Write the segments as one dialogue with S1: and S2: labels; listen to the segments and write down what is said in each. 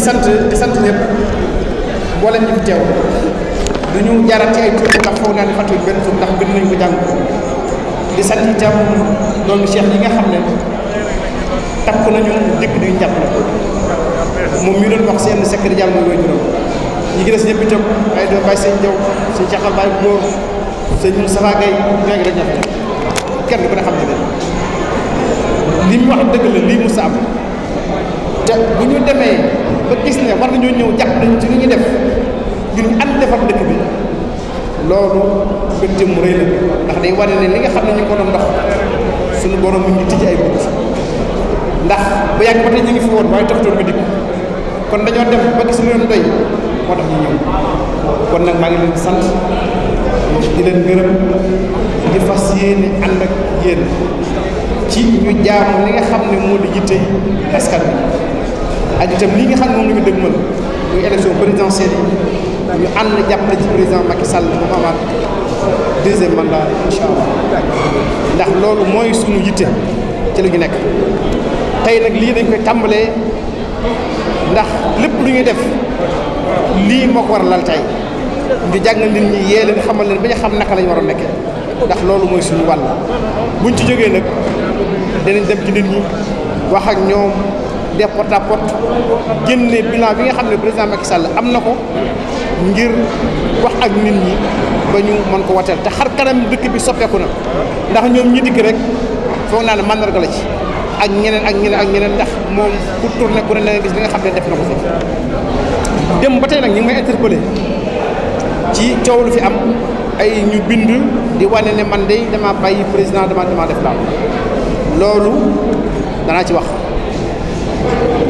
S1: sant di sant ñëpp mboolem ñu fi teew du ci ay tur ndax foog naa ne fàttewuñ benn tur gën nañ ko jàng di sant itam doomu cheikh yi nga xam ne nañu dëkk duñ jàpp moom ñu doon wax seen secret jàll mooy juróom ñi ngi des ñëpp ay doom bàyyi seen seen safa gay la kenn xam li mu wax la mu sa ba gis ne war nañoo ñëw jàpp nañu ci li ñuy def ngir ñu ànd defar dëkk bi loolu mbégte mu rëy la ndax day wane ne li nga xam ne ñu ko doon dox suñu borom mi ngi tijji ay bët ndax bu yàgg ba tey ñu ngi fi woon waaye taxutoon nga dikk kon dañoo def ba gis lu leen doy moo tax ñu ñëw kon nag maa ngi leen sant di leen gërëm di fas yéene ànd ak yéen ci ñu jaamu li nga xam ne moo di yitte askan bi ak itam li nga xam moom la ñu dëgmal muy élection présidentielle ñu ànd jàppale ci président Macky Sall mu amaat deuxième mandat incha allah ndax loolu mooy suñu yitte ci la ñu nekk tey nag lii dañ koy tàmbalee ndax lépp lu ñuy def lii moo ko war a lal tey ñu jàngal nit ñi yee leen xamal leen ba ñu xam naka lañ war a nekkee ndax loolu mooy suñu wàll buñ ci jógee nag danañ dem ci nit ñi wax ak ñoom def porte à porte génne bilan bi nga xam ne président Macky Sall am na ko ngir wax ak nit ñi ba ñu mën ko wateel te xar kanam dëkk bi soppeeku na ndax ñoom ñi dikk rek foog naa ne mandarga la ci ak ñeneen ak ñeneen ak ñeneen ndax moom ku tourné ne na gis li nga xam ne def na ko fi nag ñu ngi may interpellé ci coow lu fi am ay ñu bind di wane ne man de dama bàyyi président dama dama def daal loolu danaa ci wax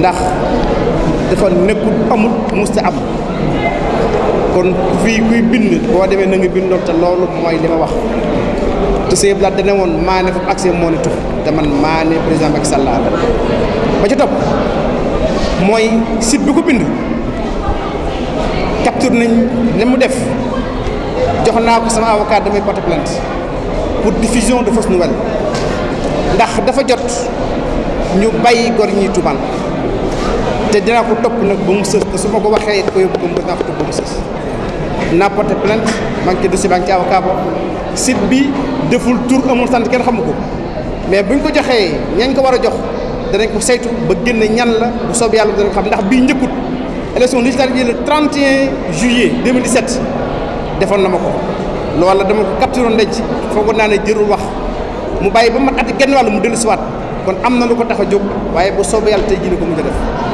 S1: ndax dafa nekkul amul musta am kon fii kuy bind boo demee na bindoo te loolu mooy li ma wax te sëñ dana woon maane ak accès moo ne tux te man maane président Macky Sall ba ci topp mooy site bi ko bind capture nañ li mu def jox naa ko sama avocat damay porter plainte pour diffusion de fausse nouvelle ndax dafa jot ñu bàyyi gor ñi tuumaan te dinaa ko topp nag ba mu sës te su ma ko waxee it ko yóbbu ko mu dinaa ko topp ba mu sës naa porté plainte maa ngi ci dossier baa bi deful tur amul sant kenn xamu ko mais buñ ko joxee ñañ ko war a jox danañ ko saytu ba génne ñan la bu soob yàlla danañ ko xam ndax bii njëkkut élection législative le 31 juillet 2017 defoon na ma ko loola dama ko capturoon ci foogoon naa ne jërul wax mu bàyyi ba mat ati genn wàll mu dellu siwaat kon am na lu ko tax a jóg waaye bu soobee yàlla tey ko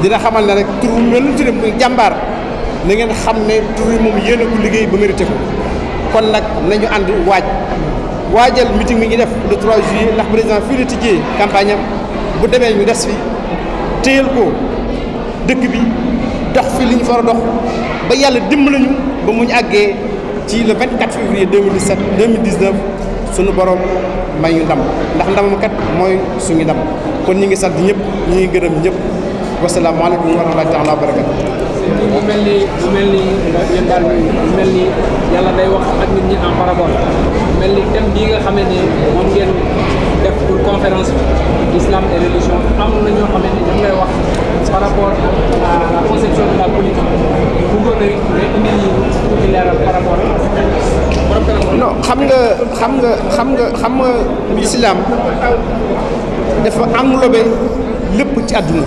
S1: dina xamal ne rek tur bi mel ni turam muy jàmbaar na ngeen xam ne tur bi moom yéen a ko liggéey ba mérité ko kon nag nañu ànd waaj waajal meeting mi ngi def le 3 juillet ndax président fii la tijjee campagne bu demee ñu des fi téyal ko dëkk bi dox fi li ñu far a dox ba yàlla dimbali lañu ba mu àggee ci le 24 février 2017 2019 suñu borom may ñu ndam ndax ndamam kat mooy suñu ndam kon ñu ngi sant ñëpp ñi ngi gërëm ñëpp. wasalaamaaleykum wa rahmatulah taala wa barakatu. mu mel ni mu mel ni yéen daal mu mel ni yàlla day wax ak nit ñi en parabole mel ni thème bii nga xam ne moom ngeen def pour conférence bi islam et religion am na ñoo xam ne ñoom lay wax par rapport à la conception de la politique bu ko rek nga indi ñu ci leeral par rapport non xam nga xam nga xam nga xam nga islam dafa englobé lépp ci àdduna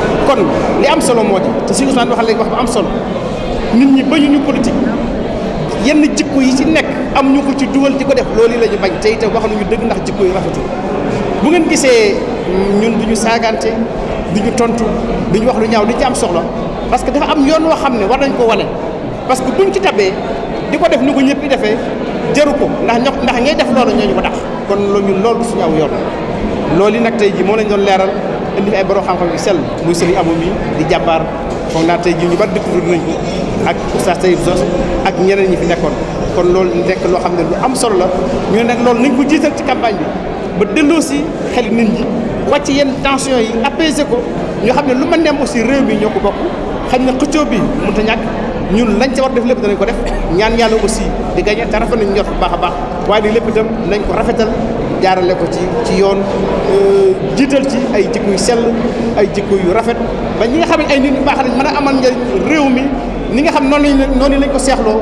S1: kon li am solo moo di te suñu Ousmane waxal léegi wax bu am solo nit ñi bañu ñu politique yenn jikko yi ci nekk am ñu ko ci dugal di ko def loolu la ñu bañ te itam wax nañu dëgg ndax jikko yi rafetul bu ngeen gisee ñun du ñu saagante du ñu tontu du wax lu ñaaw du ci am soxla parce que dafa am yoon woo xam ne war nañ ko wane parce que buñ ci tabee di ko def ni ko ñëpp di defee jëru ko ndax ño ndax ngay def loolu ñooñu ko dax kon loolu ñun loolu du suñu aw yoon loolu nag tey ji moom lañ doon leeral indi fi ay borom xam-xam yu sell muy sëriñ amu di jàmbaar foog naa tey jii ñu bari découvrir nañ ko ak oustaz Taïb Zos ak ñeneen ñi fi nekkoon kon loolu nekk loo xam ne lu am solo la ñu nekk loolu nañ ko jiital ci campagne bi ba delloo si xel nit ñi wàcc yenn tension yi apaiser ko ñoo xam ne lu man ne am aussi réew mi ñoo ko bokk xañ na xëccoo bi mënut a ñàkk ñun lañ ca war def lépp danañ ko def ñaan yàlla aussi di gagné te rafet nañ njort bu a baax waaye nag lépp itam nañ ko rafetal jaarale ko ci ci yoon euh, jiital ci ay jikko yu sell ay jikko yu rafet ba ñi nga xam ne ay nit ñu baax lañ mën a amal njëriñ réew mi ni nga xam noonu lañ noonu lañ ko seexloo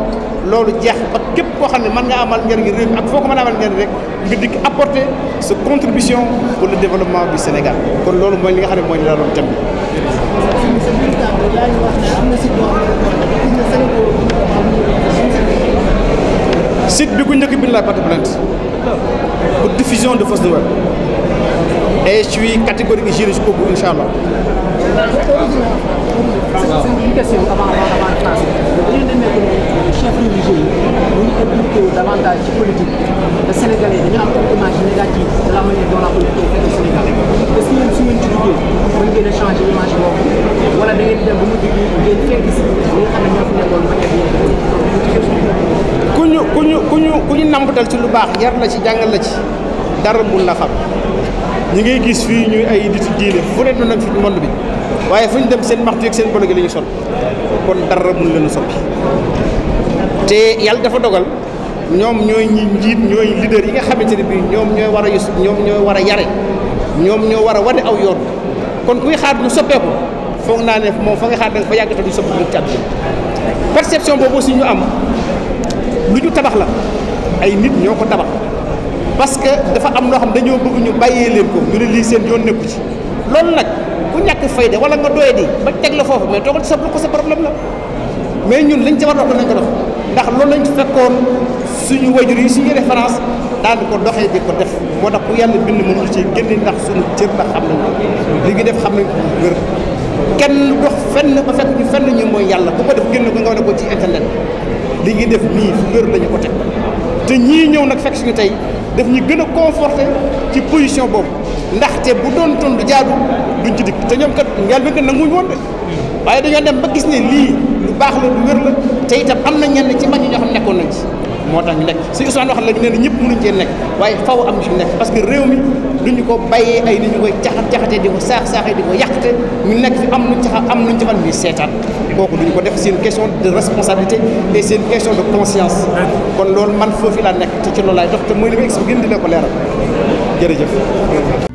S1: loolu jeex ba képp koo xam ne mën nga amal njëriñ réew mi ak foo ko mën a amal njëriñ rek nga dikk apporter sa contribution pour le développement du Sénégal kon loolu mooy li nga xam ne mooy la doon thème site bi ku njëkk bi la porte plainte pour diffusion de fausses nouvelles. Et je suis catégorique et j'irai jusqu'au bout, Inch'Allah. Cette question avant avant français, dañu demee le chef de religieux yi ñu que davantage ci politique te sénégalais dañu am une image négative de la manière dont la politique est faite au Sénégal est-ce que vous su ngeen ci liggéey mën ngeen a changer image wala da ngeen di dem ba mujj gi ngeen ku ñu ku ñu ku ñu ku ñu nampatal ci lu baax yar la ci jàngal la ci dara mun la xam ñi ngay gis fii ñuy ay nit diine fu ne nag fi monde bi waaye fu ñu dem seen maxtu yeeg seen bolo gi la ñu sol kon dara mun leen soppi te yàlla dafa dogal ñoom ñooy ñi njiit ñooy leader yi nga xamante ne bii ñoom ñooy war a yus ñoom ñooy war a yare ñoom ñoo war a wane aw yoon kon kuy xaar ñu soppeeku. foog naa ne moom fa nga xaar da nga fa yàgg te du soppi ci perception boobu aussi ñu am lu ñu tabax la ay nit ñoo ko tabax parce que dafa am loo xam dañoo bëgg ñu bàyyee leen ko ñu ne lii seen yoon nekku ci loolu nag ku ñàkk fayda wala nga doye di ba teg la foofu mais toogal ci sa ko sa problème la mais ñun liñ ca war a dox nga ko dox ndax loolu lañ fekkoon suñu wajur yi suñu référence daal di ko doxee di ko def moo tax ku yàlla bind mënul ci génne ndax suñu cër la xam nañ ko def xam nañ kenn dox fenn ba fekk ñu fenn ñu mooy yàlla bu ko def génn ko nga wane ko ci internet li ngi def nii fu wér lañu ko teg te ñii ñëw nag fekk suñu tey daf ñu gën a conforté ci position boobu ndax ndaxte bu doon ton du jaadu duñ ci dikk te ñoom kat yàlla bi nga nanguñ woon de waaye dañoo dem ba gis ne lii lu baax la lu wér la te itam am na ñenn ci mag moo tax ñu nekk si Ousmane waxal la ñu ne ñëpp mënuñ cee nekk waaye faw am ci nekk parce que réew mi du ñu ko bàyyee ay ni ñu koy caxat caxatee di ko saax saaxee di ko yàqte ñu nekk fi am luñ caxa am luñ caxal seetaan kooku duñ ko def c'est une question de responsabilité et c'est question de conscience kon loolu man foofu laa nekk te ci loolu laay dox te mooy li ma expliqué di la ko leeral jërëjëf